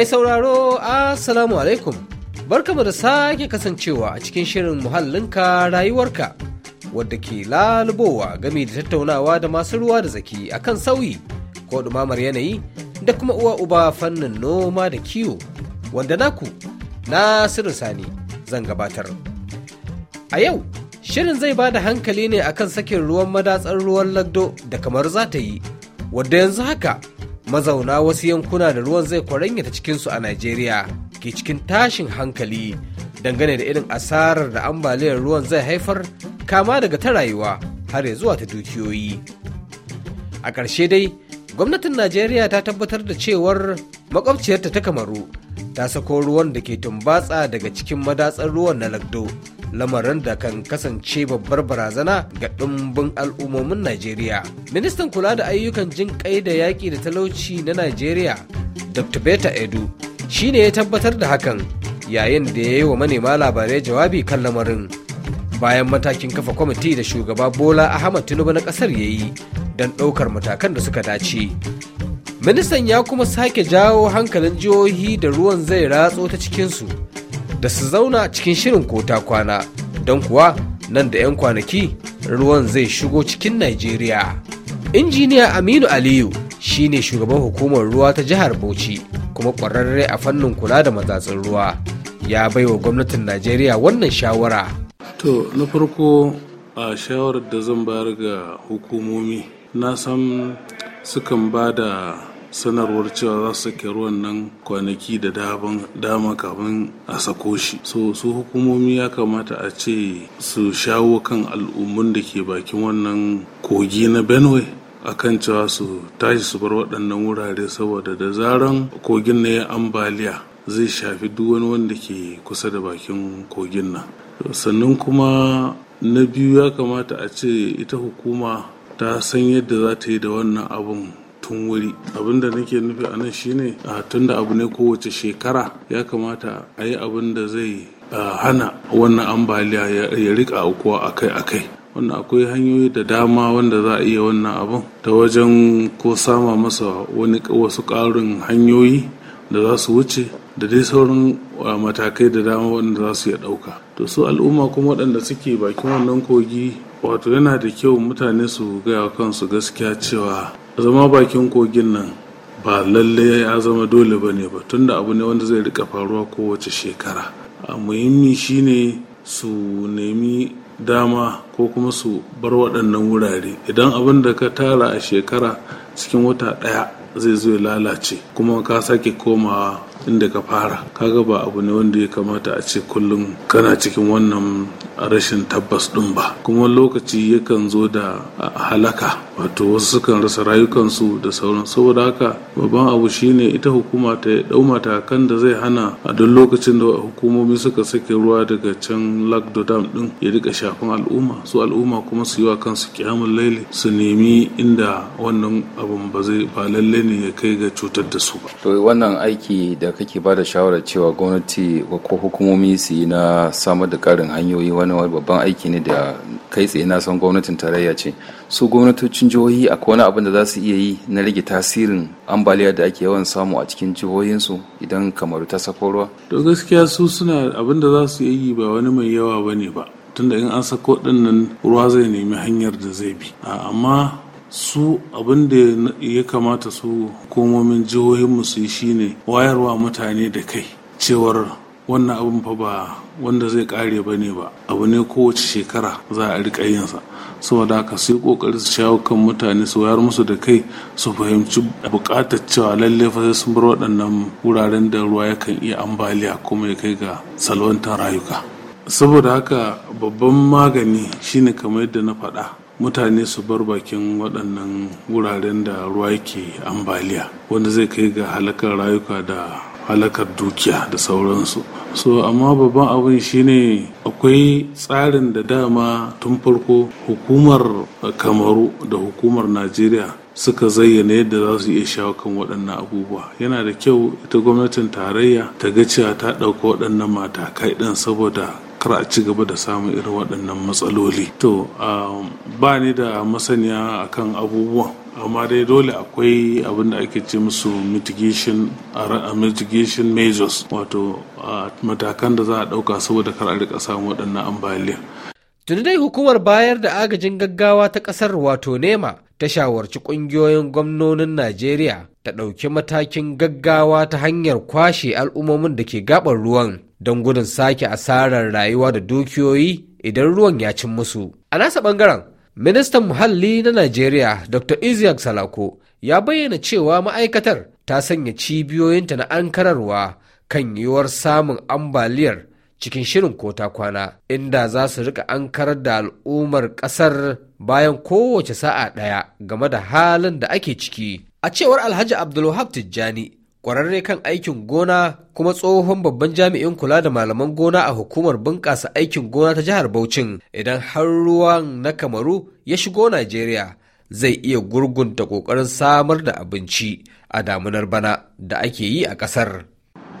Mai sauraro Assalamu alaikum barkamu da sake kasancewa a cikin shirin muhallinka rayuwarka wadda ke lalubowa game da tattaunawa da masu ruwa da zaki akan sauyi ko ɗumamar yanayi da kuma uwa uba fannin noma da kiwo wanda naku Nasiru Sani zan gabatar. A yau shirin zai ba da hankali ne akan sakin ruwan madatsar ruwan lagdo da kamar za ta yi wadda yanzu haka mazauna wasu yankuna da ruwan zai kwaranyata ta cikinsu a Najeriya ke cikin tashin hankali dangane da irin asarar da ambaliyar ruwan zai haifar kama daga ta rayuwa har ya zuwa ta dukiyoyi. A ƙarshe dai, gwamnatin Najeriya ta tabbatar da cewar makwabciyarta ta Kamaru ta sako ruwan da ke tumbatsa daga cikin madatsar ruwan na Lagdo lamarin da kan kasance babbar barazana ga ɗumbin al'ummomin Najeriya. Ministan kula da ayyukan jin kai da yaƙi da talauci na Najeriya, Dr. Beta Edu, shi ne ya tabbatar da hakan yayin da ya yi wa manema labarai jawabi kan lamarin. Bayan matakin kafa kwamiti da shugaba Bola Ahmad Tinubu na ƙasar ya yi don ɗaukar matakan da suka dace. Ministan ya kuma sake jawo hankalin jihohi da ruwan zai ratso ta cikinsu. da su zauna cikin shirin kota kwana don kuwa nan da 'yan kwanaki ruwan zai shigo cikin Najeriya. Injiniya Aminu Aliyu shi ne shugaban hukumar ruwa ta jihar Bauchi kuma ƙwararre a fannin kula da matsatsin ruwa ya bai wa gwamnatin Najeriya wannan shawara. To na farko a shawarar da zan bayar ga hukumomi na san sukan ba da sanarwar cewa za su sake ruwan nan kwanaki da daban dama kafin a sako shi so su hukumomi ya kamata a ce su shawo kan al'ummun da ke bakin wannan kogi na benue akan cewa su tashi su bar waɗannan wurare saboda da zaran kogin na ya ambaliya zai shafi duk wani wanda ke kusa da bakin kogin nan sannan kuma na biyu ya kamata a ce ita hukuma ta san yadda za ta yi da wannan abun kafin wuri abin da nake nufi a nan shine a tunda abu ne kowace shekara ya kamata a yi abin da zai hana wannan ambaliya ya rika aukuwa akai-akai wannan akwai hanyoyi da dama wanda za a iya wannan abin ta wajen ko sama masa wani wasu ƙarin hanyoyi da za su wuce da dai sauran matakai da dama wanda za su iya ɗauka to su al'umma kuma waɗanda suke bakin wannan kogi wato yana da kyau mutane su gaya kansu gaskiya cewa zama bakin kogin nan ba lalle ya zama dole ba ne ba tunda abu ne wanda zai rika faruwa kowace shekara a muhimmi shine su nemi dama ko kuma su bar waɗannan wurare idan abin da ka tara a shekara cikin wata ɗaya zai zo lalace kuma ka sake komawa inda ka fara kaga ba abu ne wanda ya kamata a ce kullum kana cikin wannan rashin tabbas ɗin ba kuma lokaci yakan zo da halaka wato wasu sukan rasa rayukansu da sauran saboda haka babban abu shine ita hukuma ta dau matakan da zai hana a duk lokacin da hukumomi suka sake ruwa daga can lagdo dam din ya rika shafin al'umma su al'umma kuma su yi wa kansu kiyamun laili su nemi inda wannan abun ba zai ba lalle ne ya kai ga cutar da su ba to wannan aiki da kake ba da shawarar cewa gwamnati ko hukumomi su yi na samar da karin hanyoyi wani babban aiki ne da kai tsaye na san gwamnatin tarayya ce su gwamnatocin jihohi a wani abin da za su iya yi na rage tasirin ambaliya da ake yawan samu a cikin jihohinsu idan kamaru ta sako ruwa to gaskiya su suna abin da za su yi ba wani mai yawa ba ne ba tunda in an sako ɗinnan ruwa zai nemi hanyar da zai bi amma su abin da ya kamata su hukumomin jihohinmu su yi shine wayarwa mutane da kai cewar wannan abin fa ba wanda zai kare ba ne ba abu ne kowace shekara za a rika yinsa saboda haka sai kokari su shawo kan mutane su wayar musu da kai su fahimci bukatar cewa lalle fa sai sun bar waɗannan wuraren da ruwa yakan iya ambaliya kuma ya kai ga salwantar rayuka saboda haka babban magani shine kamar yadda na faɗa mutane su bar bakin waɗannan wuraren da ruwa yake ambaliya wanda zai kai ga halakar rayuka da halakar dukiya da sauransu so amma babban abin shine akwai tsarin da dama tun farko hukumar kamaru da hukumar najeriya suka zayyana yadda za su iya shawo kan waɗannan abubuwa yana da kyau ita gwamnatin tarayya ta ga cewa ta ɗauka waɗannan matakai ɗin saboda kar a ci gaba da samun irin waɗannan matsaloli to ah, ba ni da masaniya akan abubuwan amma dai dole akwai abin da ake ce musu mitigation mitigation measures wato matakan da za a ɗauka saboda kar a rika samun waɗannan ambaliya tuni dai hukumar bayar da agajin gaggawa ta ƙasar wato nema ta shawarci ƙungiyoyin gwamnonin najeriya ta ɗauki matakin gaggawa ta hanyar kwashe al'ummomin da ke gaɓar ruwan don gudun sake asarar rayuwa da dukiyoyi idan ruwan ya cin musu a nasa ɓangaren Ministan Muhalli na Najeriya Dr. Isiaq Salako ya bayyana cewa ma'aikatar ta sanya cibiyoyinta na ankararwa kan yiwuwar samun ambaliyar cikin shirin kota kwana inda za su rika ankarar da al'ummar ƙasar bayan kowace sa'a ɗaya game da halin da ake ciki. A cewar Alhaji Abdulwahab Tijjani kwararre kan aikin gona kuma tsohon babban jami'in kula da malaman gona a hukumar bunƙasa aikin gona ta jihar Bauchin idan har ruwan na Kamaru ya shigo Najeriya zai iya gurgunta ƙoƙarin samar da abinci a damunar bana da ake yi a ƙasar.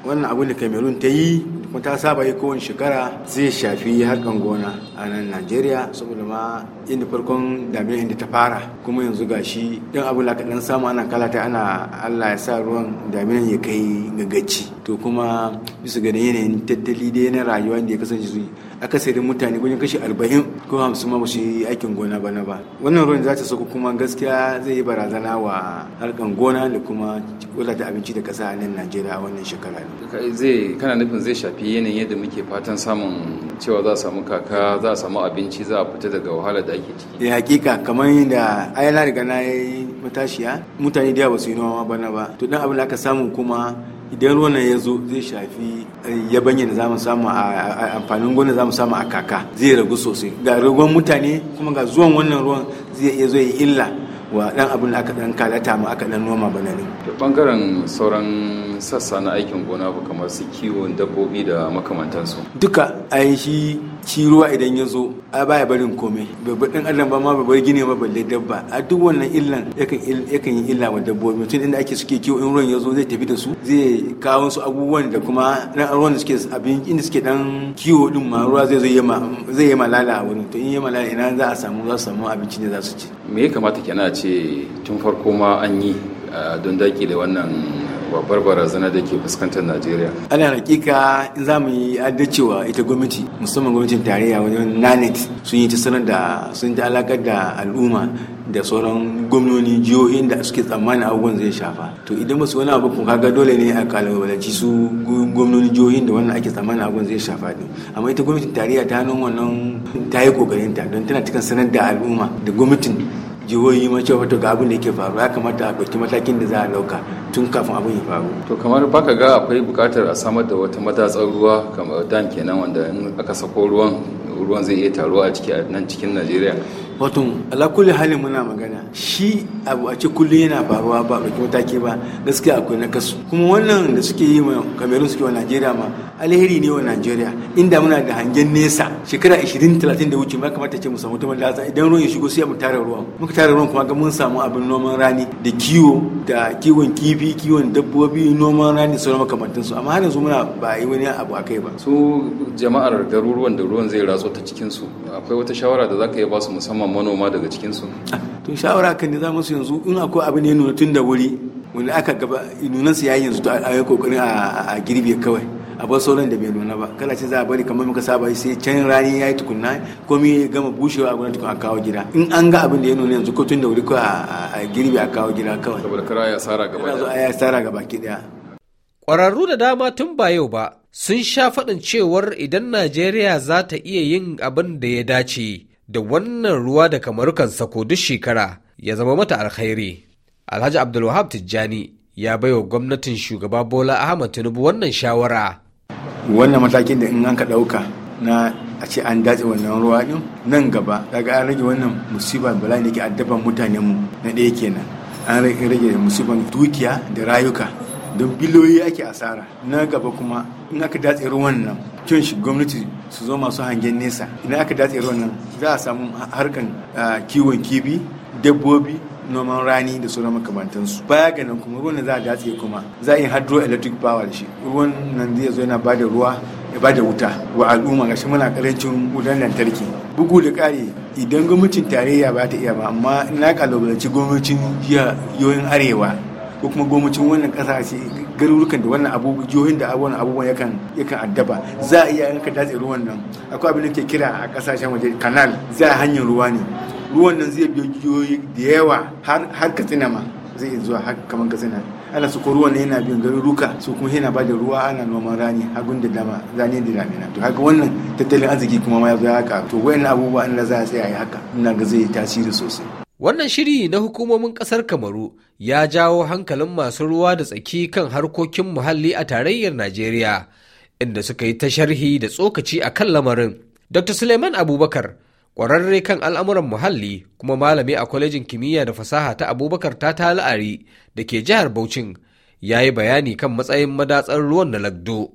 wannan abin da cameroon ta yi kuma ta saba yi kowane shekara zai shafi harkan gona a nan najeriya saboda ma inda farkon damin inda ta fara kuma yanzu gashi don abu da kaɗan samu ana kalata ana allah ya sa ruwan daminan ya kai gagaci to kuma bisa ganin yanayin tattali dai na rayuwa da ya kasance aka akasarin mutane gudun kashi arba'in ko hamsin ma ba su yi aikin gona bana ba wannan ruwan za ta sauko kuma gaskiya zai yi barazana wa harkan gona da kuma wadata abinci da kasa a nan najeriya a wannan shekara zai kana nufin zai shafi yanayin yadda muke fatan samun cewa za a samu kaka za a samu abinci za a fita daga wahala da ake ciki ya eh, hakika kamar yadda ayyana riga na yi matashiya mutane da yawa ba su yi noma bana ba to dan abin da aka samu kuma idan ruwan ya zo zai shafi eh, yabanya da zamu samu a amfanin gona zamu samu a kaka zai ragu sosai ga ragon mutane kuma ga zuwan wannan ruwan zai iya zo yi illa wa dan abin da aka dan kalata mu aka dan noma bana ne da bangaren sauran sassa na aikin gona ba kamar su kiwon dabbobi da makamantansu duka ai shi shi ruwa idan ya zo a baya barin komai babba ɗan adam ba ma babbar gini ba balle dabba a duk wannan illan yakan yi illa wa dabbobi mutum inda ake suke kiwo in ruwan ya zo zai tafi da su zai kawo su abubuwan da kuma dan ruwan da suke abin inda suke dan kiwo din ma ruwa zai zai zai a wurin to in yi malala ina za a samu za su samu abinci ne za su ci me ya kamata kenan a ce tun farko ma an yi ah, don daki da wannan babbar barazana da ke fuskantar najeriya ana hakika in za mu yi addacewa ita gwamnati musamman gwamnatin tarayya wajen nanet sun yi ta sanar da sun ta alakar da al'umma da sauran gwamnoni jihohin da suke tsammanin abubuwan zai shafa to idan ba su wani abu kun kaga dole ne a kalubalanci su gwamnoni jihohin da wannan ake tsammanin abubuwan zai shafa ne amma ita gwamnatin tarayya ta hannun wannan ta yi kokarin ta don tana cikin sanar da al'umma da gwamnatin jihohi ma cewa to ga abin da yake faru ya kamata a ɗauki matakin da za a ɗauka tun kafin abin ya faru. to kamar baka ga akwai buƙatar a samar da wata matatsar ruwa kamar dam kenan wanda in aka sako ruwan ruwan zai iya taruwa a ciki a nan cikin najeriya wato alakulli halin muna magana shi abu a ce kullum yana faruwa ba ɗauki mataki ba gaskiya akwai na kasu kuma wannan da suke yi ma kamerun suke wa najeriya ma alheri ne wa najeriya inda muna da hangen nesa shekara 20-30 da wuce ma kamata ce mu samu ta mallaka idan ruwan ya shigo sai mu tara ruwan muka tara ruwan kuma ga mun samu abin noman rani da kiwo da kiwon kifi kiwon dabbobi noman rani sauran su amma har yanzu muna ba yi wani abu a kai ba su jama'ar garuruwan da ruwan zai ratso ta cikin su akwai wata shawara da zaka yi ba su musamman musamman manoma daga cikinsu to shawara kan da za musu yanzu in akwai abin ya nuna tun da wuri wanda aka gaba nunan su yayin yanzu a yi kokarin a girbe kawai a bar sauran da bai nuna ba kala ce za a bari kamar muka saba sai can rani ya yi tukunna ko mi gama bushewa a gudan tukun a kawo gida in an ga abin da ya nuna yanzu ko tun da wuri ko a girbe a kawo gida kawai saboda kara ya sara gaba a ya sara gaba ki daya kwararru da dama tun ba yau ba sun sha faɗin cewar idan najeriya za ta iya yin abin da ya dace da wannan ruwa da kamarukan kan sako duk shekara ya zama mata alkhairi alhaji abdulwahab tijjani ya baiwa gwamnatin shugaba bola ahmad tinubu wannan shawara wannan matakin da in an ka ɗauka na a ce an datse wannan ruwa ɗin nan gaba daga an rage wannan musiba bala ne ke addaban mutanenmu na ɗaya kenan an rage musiban dukiya da rayuka don biloyi ake asara na gaba kuma in aka datse ruwan nan kyan shi gwamnati su zo masu hangen nesa ina aka datse ruwan nan za a samu harkan kiwon kibi dabbobi noman rani da sauran makamantansu baya ga nan kuma ruwan za a datse kuma za a yi electric power da shi ruwan nan zai zo yana ba da ruwa ya ba da wuta wa al'umma gashi muna karancin wutar lantarki bugu da kare idan gwamnatin tarayya ba ta iya ba amma na kalubalanci gwamnatin yoyin arewa ko kuma gomacin wannan kasashe garurukan da wannan abubuwan jihohin da wannan abubuwan yakan yakan addaba za a iya yanka datse ruwan nan akwai abin da ke kira a ƙasashen waje kanal za a hanyar ruwa ne ruwan nan zai biyo jihohi da yawa har katsina ma zai zuwa har kamar katsina ana su ko ruwan yana biyan garuruka su kuma yana ba da ruwa ana noman rani hagun da dama zane da damina to haka wannan tattalin arziki kuma ma ya zo ya haka to wayannan abubuwa an da za a tsaya haka ina ga zai tasiri sosai Wannan shiri na hukumomin ƙasar Kamaru ya jawo hankalin masu ruwa da tsaki kan harkokin muhalli a tarayyar Najeriya, inda suka yi ta sharhi da tsokaci a kan lamarin. Dr. Suleiman Abubakar, ƙwararre kan al'amuran muhalli kuma malami a kwalejin kimiyya da fasaha ta Abubakar ta tali'ari da ke jihar Bauchin, ya yi bayani kan matsayin madatsar ruwan na Lagdo.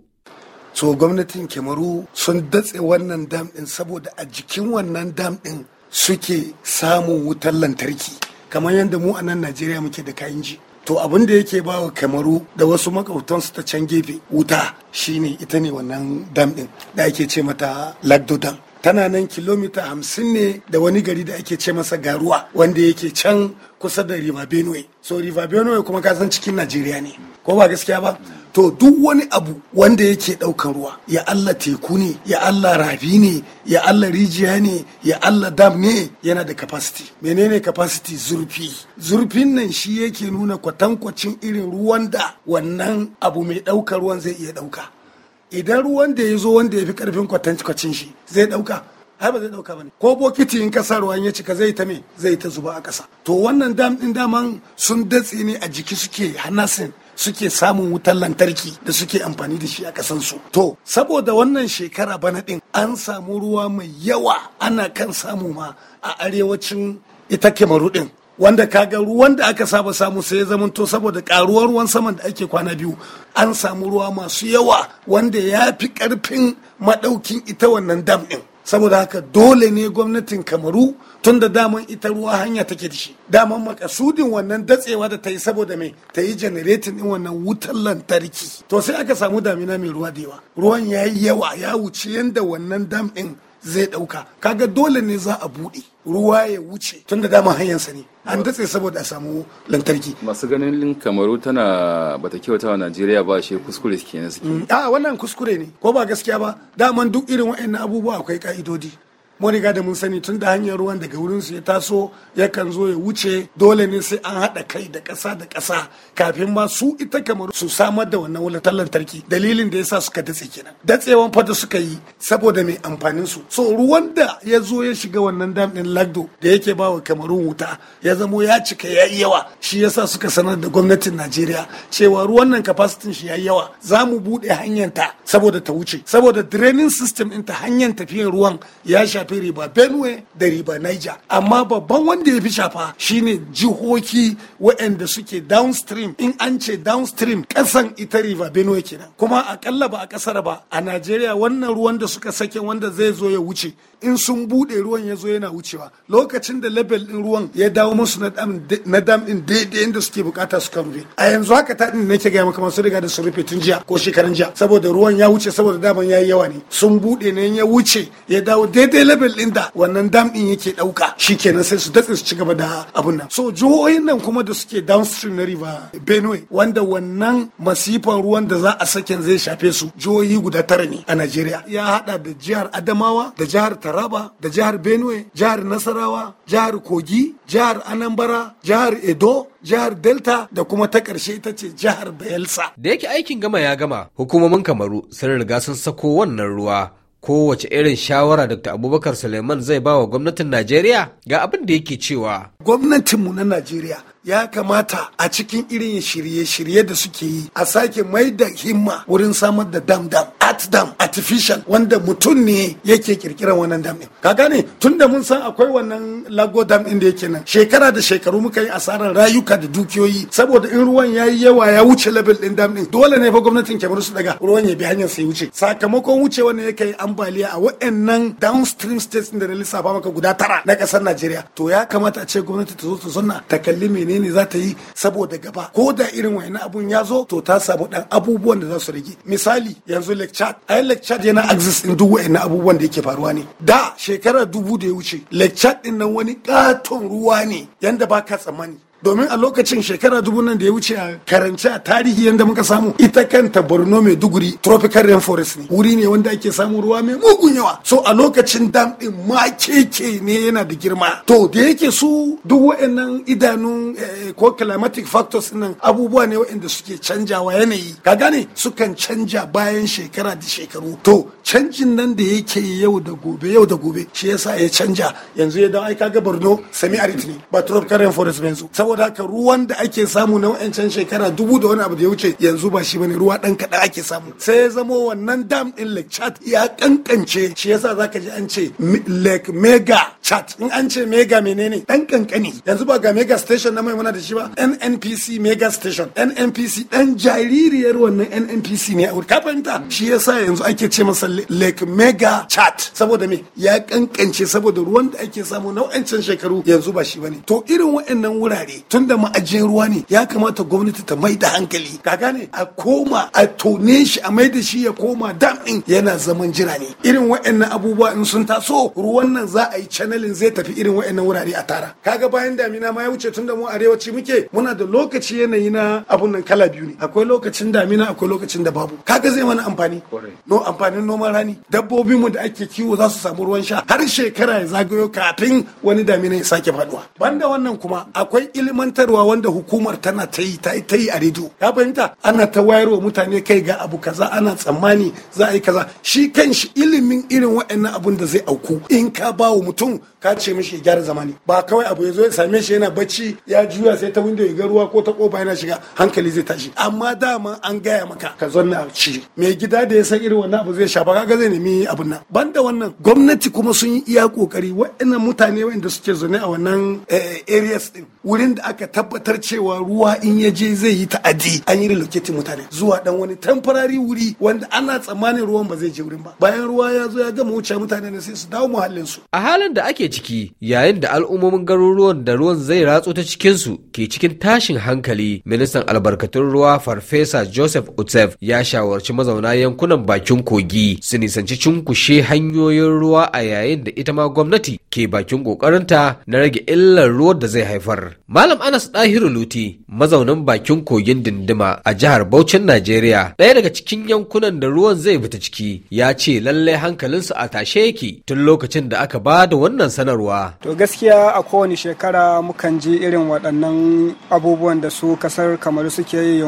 So gwamnatin Kamaru sun datse wannan dam ɗin saboda a jikin wannan dam ɗin suke samun wutar lantarki kamar yadda mu a nan najeriya muke da kayan ji to abin da yake ba wa kamaru da wasu makautansu ta can gefe wuta shine ita ne wannan dam din da ake ce mata lagdo tana nan kilomita hamsin ne da wani gari da ake ce masa garuwa wanda yake can kusa da riva benue so riva benue kuma kasan cikin najeriya ne ko ba gaskiya ba to duk wani abu wanda yake ɗaukan ruwa ya allah teku ne ya allah rabi ne ya allah rijiya ne ya allah dam ne yana da capacity menene capacity zurfi zurfin nan shi yake nuna kwatankwacin irin ruwan da wannan abu mai ɗaukar ruwan zai iya ɗauka idan ruwan da ya zo wanda ya fi karfin kwatanci shi zai dauka har ba zai dauka ne ko bokiti in kasa ruwan ya cika zai ta me zai ta zuba a kasa to wannan dam din daman sun datse ne a jiki suke hanasin suke samun wutar lantarki da suke amfani da shi a su. To, saboda wannan shekara bana ɗin an samu ruwa mai yawa ana kan samu ma a arewacin ita kemaru ɗin. wanda kaga ruwan da aka saba samu sai ya zamanto saboda karuwar ruwan saman da ake kwana biyu an samu ruwa masu yawa wanda ya fi karfin maɗaukin ita wannan dam din saboda haka dole ne gwamnatin kamaru tun da daman ita ruwa hanya take da shi daman makasudin wannan datsewa da ta yi saboda mai ta yi janaretin din wannan wutar lantarki to sai aka samu damina mai ruwa da yawa ruwan ya yi yawa ya wuce yadda wannan dam din zai ɗauka kaga dole ne za a buɗe ruwa ya wuce tun da dama hanyarsa ne an datse saboda a samu lantarki masu ganin kamaru tana bata kyauta wa najeriya ba shi kuskure suke na suke a wannan kuskure ne ko ba gaskiya ba daman duk irin wa'annan abubuwa akwai ka'idodi mun riga da mun sani tun da hanyar ruwan daga wurin su ya taso yakan zo ya wuce dole ne sai an haɗa kai da ƙasa da ƙasa kafin ma su ita kamar su samar da wannan wutar lantarki dalilin da ya sa suka datse kenan datsewan fata suka yi saboda mai amfanin su so ruwan da ya zo ya shiga wannan dam ɗin lagdo da yake ba wa kamarun wuta ya zamo ya cika ya yi yawa shi yasa suka sanar da gwamnatin najeriya cewa ruwan nan kafasitin shi ya yi yawa za mu buɗe hanyar ta saboda ta wuce saboda draining system ɗin ta hanyar tafiyar ruwan ya sha. shafi riba benue da riba niger amma babban wanda ya fi shafa shine jihohi waɗanda suke downstream in an ce downstream ƙasan ita riba benue kenan kuma akalla ba a ƙasar ba a nigeria wannan ruwan da suka sake wanda zai zo ya wuce in sun buɗe ruwan ya zo yana wucewa lokacin da level din ruwan ya dawo musu na dam ɗin daidai inda suke bukata su kan a yanzu haka ta ɗin nake gaya maka masu riga da su rufe tun jiya ko shekaran jiya saboda ruwan ya wuce saboda daman ya yi yawa ne sun buɗe ne ya wuce ya dawo daidai level ɗin da wannan dam ɗin yake ɗauka shikenan sai su datse su ci gaba da abun nan so jihohin nan kuma da suke downstream na river benue wanda wannan masifan ruwan da za a saken zai shafe su jihohi guda tara ne a najeriya ya hada da jihar adamawa da jihar taraba da jihar benue jihar nasarawa jihar kogi jihar anambara jihar edo jihar delta da kuma ta ƙarshe ita ce jihar bayelsa da yake aikin gama ya gama hukumomin kamaru sun riga sun sako wannan ruwa kowace irin shawara Dr. Abubakar Suleiman zai ba wa gwamnatin Najeriya ga abin da yake cewa. Gwamnatinmu na Najeriya ya kamata a cikin irin shirye-shirye da suke yi a sake mai da himma wurin samar da dam dam at dam artificial wanda mutum ne yake kirkiran wannan dam din ka gane tunda mun san akwai wannan lago dam din da yake nan shekara da shekaru muka yi asarar rayuka da dukiyoyi saboda in ruwan ya yi yawa ya wuce level din dam din dole ne fa gwamnatin kyamar su daga ruwan ya bi hanyar sai wuce sakamakon wuce wannan ya kai ambaliya a waɗannan downstream states da na lissafa maka guda tara na ƙasar Najeriya to ya kamata a ce gwamnati ta zo ta zonna ta kalli menene ne za ta yi saboda gaba ko da irin wani abun ya zo to ta sabu dan abubuwan da za su rage misali yanzu lake chad ai lake yana axis din duk wa'annan abubuwan da yake faruwa ne da shekarar dubu da ya wuce lake chad din nan wani katon ruwa ne yanda ba ka tsammani domin a lokacin shekara dubu nan da ya wuce a karance a tarihi yadda muka samu ita kanta borno mai duguri tropical rainforest ne wuri ne wanda ake samun ruwa mai mugun yawa so a lokacin dam din ma keke ne yana da girma to da yake su duk wa'annan idanun eh, ko climatic factors nan abubuwa ne wa'anda suke canjawa yanayi ka gane sukan canja bayan shekara da shekaru to canjin nan da yake yau da gobe yau da gobe shi yasa ya canja yanzu ya dan ai kaga borno semi arid ne ba tropical rainforest ba yanzu saboda haka ruwan da ake samu na wa'ancan shekara dubu da wani abu da ya wuce yanzu ba shi bane ruwa dan kaɗan ake samu sai ya zamo wannan dam din lake chat ya kankance shi yasa zaka ji an ce lake mega chat in an ce mega menene dan kankani yanzu ba ga mega station na mai muna da shi ba nnpc mega station nnpc ɗan jaririyar wannan nnpc ne a ka fahimta shi yasa yanzu ake ce masa lake mega chat saboda me ya kankance saboda ruwan da ake samu na wa'ancan shekaru yanzu ba shi bane to irin wa'annan wurare ne tun da ma'ajiyar ruwa ne ya kamata gwamnati ta mai da hankali ka gane a koma a tone shi a mai da shi ya koma dam din yana zaman jira ne irin wa'annan abubuwa in sun taso ruwan nan za a yi channelin zai tafi irin wa'annan wurare a tara kaga bayan damina ma ya wuce tun da mu arewaci muke muna da lokaci yanayi na abun nan kala biyu ne akwai lokacin damina akwai lokacin da babu kaga zai mana amfani no amfanin noman rani dabbobin mu da ake kiwo za su samu ruwan sha har shekara ya zagayo kafin wani damina ya sake faduwa banda wannan kuma akwai ilimantarwa wanda hukumar tana ta yi ta yi a rediyo ya fahimta ana ta wa mutane kai ga abu kaza ana tsammani za a yi kaza shi kan shi ilimin irin waɗannan abun da zai auku in ka ba wa mutum ka ce mishi ya gyara zamani ba kawai abu ya zo ya same shi yana bacci ya juya sai ta windo ya ga ruwa ko ta kofa yana shiga hankali zai tashi amma dama an gaya maka ka na ci mai gida da ya san irin wannan abu zai shafa kaga zai nemi abun nan banda wannan gwamnati kuma sun yi iya kokari waannan mutane wa'anda suke zaune a wannan eh, areas din wurin wurin aka tabbatar cewa ruwa in ya je zai yi ta'adi an yi relocate mutane zuwa dan wani temporary wuri wanda ana tsammanin ruwan ba zai je wurin ba bayan ruwa ya zo ya gama wuce mutane ne sai su dawo muhallin su a halin da ake ciki yayin da al'ummomin garuruwan da ruwan zai ratso ta cikin su ke cikin tashin hankali ministan albarkatun ruwa farfesa joseph utsef ya shawarci mazauna yankunan bakin kogi su nisanci cunkushe hanyoyin ruwa a yayin da ita ma gwamnati ke bakin kokarinta na rage illar ruwan da zai haifar. Malam Anas Dahiru Luti mazaunin bakin kogin Dindima a jihar Bauchin Najeriya ɗaya daga cikin yankunan da ruwan zai fita ciki ya ce lalle hankalinsu a tashe yake tun lokacin da aka ba da wannan sanarwa. To gaskiya a kowane shekara mukan ji irin waɗannan abubuwan da su kasar kamar suke yi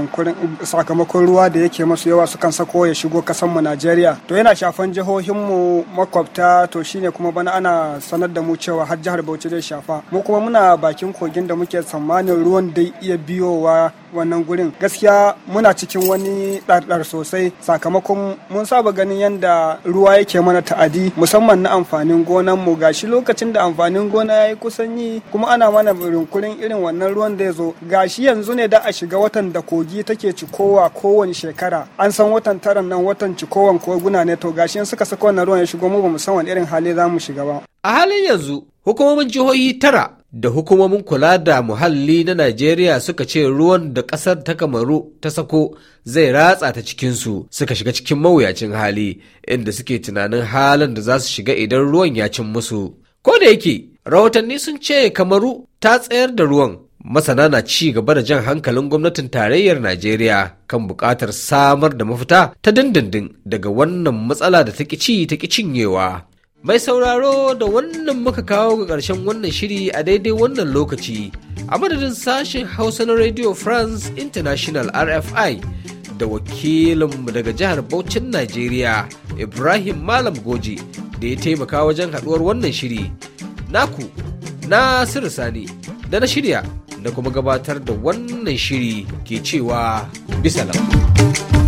sakamakon ruwa da yake masu yawa sukan sako ya shigo mu Najeriya. To yana shafan jihohinmu makwabta to shine kuma bana ana sanar da da mu cewa har jihar Bauchi zai shafa mu kuma muna bakin kogin da muke tsammanin ruwan dai iya biyowa wannan gurin gaskiya muna cikin wani ɗarɗar sosai sakamakon mun saba ganin yadda ruwa yake mana ta'adi musamman na amfanin gonan mu gashi lokacin da amfanin gona yayi kusan yi kuma ana mana rinkurin irin wannan ruwan da ya zo gashi yanzu ne da a shiga watan da kogi take cikowa kowane shekara an san watan taran nan watan cikowan koguna ne to gashi suka saka wannan ruwan ya shigo mu ba mu irin hali za mu shiga ba a halin yanzu hukumomin jihohi tara da hukumomin kula da muhalli na Najeriya suka ce ruwan da ƙasar ta kamaru ta sako zai ratsa ta cikinsu suka shiga cikin mawuyacin hali inda suke tunanin halin da za su shiga idan ruwan ya cin musu. Ko da yake, rahotanni sun ce kamaru ta tsayar da ruwan masana na ci gaba da jan hankalin gwamnatin tarayyar Najeriya kan buƙatar samar da mafita ta dindindin daga wannan matsala da ta ci ta cinyewa. Mai sauraro da wannan muka kawo ga ƙarshen wannan shiri a daidai wannan lokaci, a madadin sashen Hausa na Radio France International RFI da wakilinmu daga jihar Bauchin Najeriya, Ibrahim Malam Goji, da ya taimaka wajen haɗuwar wannan shiri. Naku, Nasiru Sani, da na shirya, da kuma gabatar da wannan shiri ke cewa bisa Lamu.